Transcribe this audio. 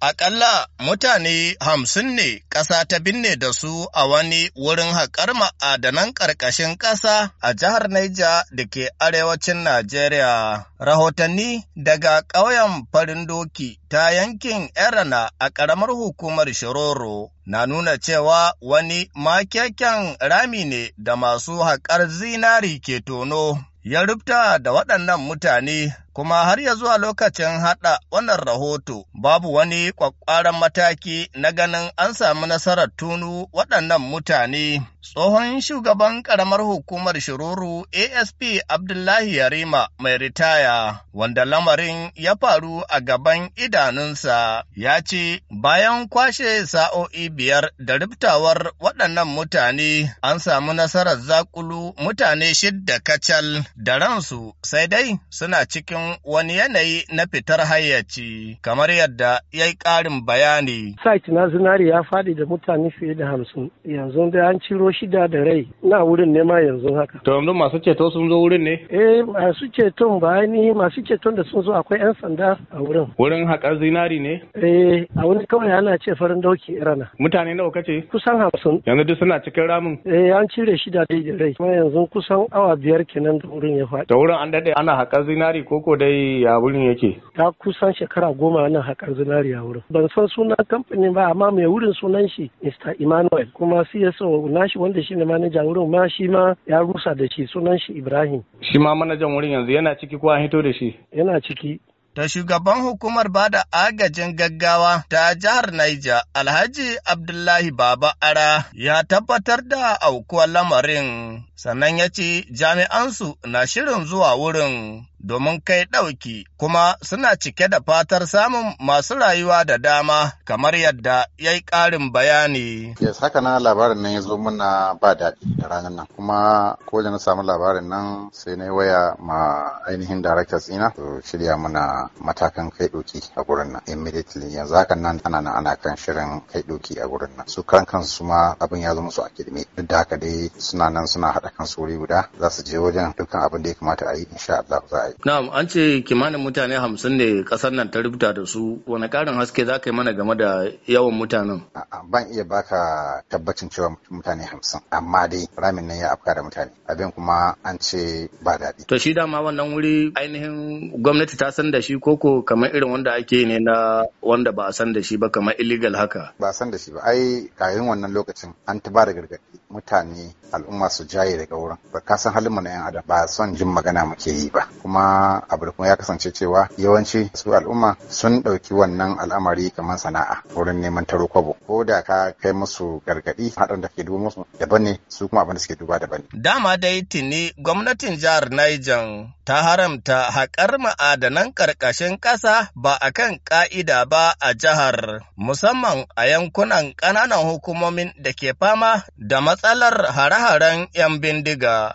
Aƙalla mutane hamsin ne ƙasa ta binne da su a wani wurin haƙar ma'adanan ƙarƙashin ƙasa a jihar Naija da ke arewacin Najeriya. Rahotanni daga ƙauyen farin doki ta yankin Erana a ƙaramar hukumar Shiroro na nuna cewa wani makeken rami ne da masu haƙar zinari ke tono. Ya rubta da waɗannan mutane kuma har ya zuwa lokacin haɗa wannan rahoto babu wani ƙwaƙƙwaran mataki na ganin an samu nasarar tunu waɗannan mutane. Tsohon shugaban ƙaramar hukumar shiruru ASP Abdullahi Yarima mai ritaya, wanda lamarin ya faru a gaban idanunsa, ya ce bayan kwashe sa'o'i biyar da riftawar waɗannan mutane an samu nasarar zakulu mutane shidda kacal da ransu sai dai suna cikin wani yanayi na fitar hayyaci kamar yadda ya yi ƙarin bayani. Site na zinari ya faɗi da mutane fiye da hamsin yanzu da an ciro shida da rai na wurin ne ma yanzu haka. To yanzu masu ceto sun zo wurin ne? Eh masu ceton ba ni masu ceton da sun zo akwai 'yan sanda a wurin. Wurin haƙar zinari ne? Eh a wani kawai ana ce farin dauki irana. Mutane nawa kace? Kusan hamsin. Yanzu duk suna cikin ramin? Eh an cire shida da rai kuma yanzu kusan awa biyar kenan da wurin ya faɗi. Da wurin an daɗe ana haƙar zinari koko dai ya wurin yake ta kusan shekara goma nan haƙar zinariya wurin ban san sunan kamfanin ba amma mai wurin sunan shi Mr. Emmanuel kuma CSO nashi wanda shine manaja wurin ma shi ma ya rusa da shi sunan shi Ibrahim shi ma manajan wurin yanzu yana ciki ko an hito da shi yana ciki da shugaban hukumar ba da agajin gaggawa ta jihar Niger, Alhaji Abdullahi Baba Ara ya tabbatar da aukuwar lamarin, sannan ya ce jami'ansu na shirin zuwa wurin domin kai ɗauki kuma suna cike da fatar samun masu rayuwa da dama kamar yadda ya yi ƙarin bayani. Yes, haka na labarin nan ya zo muna ba daɗi da ranar nan kuma ko da na samu labarin nan sai na waya ma ainihin darakta tsina to shirya muna matakan kai ɗauki a gurin nan immediately yanzu haka nan ana nan ana kan shirin kai ɗauki a gurin nan su kan kansu ma abin ya zo musu a kirme duk da haka dai suna nan suna haɗa kansu wuri guda za su je wajen dukkan abin da ya kamata a yi insha Allah za a yi. Na'am an ce kimanin mutane hamsin ne kasar nan ta rubuta da su wani karin haske za ka yi mana game da yawan mutanen? Ban iya baka tabbacin cewa mutane hamsin amma dai ramin nan ya afka da mutane abin kuma an ce ba daɗi. To shi dama wannan wuri ainihin gwamnati ta san da shi koko kamar irin wanda ake ne na wanda ba a san da shi ba kamar illegal haka. Ba a san da shi ba ai kayan wannan lokacin an ta ba da gargaɗi mutane al'umma su jaye daga wurin ba ka san halin mu na 'yan adam ba son jin magana muke yi ba kuma abu da kuma ya kasance cewa yawanci su al'umma sun ɗauki wannan al'amari kamar sana'a wurin neman taro kwabo ko da ka kai musu gargaɗi haɗin da ke duba musu daban ne su kuma abin da suke duba daban ne. Dama dai tuni gwamnatin jihar Niger ta haramta haƙar ma'adanan ƙarƙashin ƙasa ba a kan ƙa'ida ba a jihar musamman a yankunan ƙananan hukumomin da ke fama da matsalar hare-haren 'yan bindiga.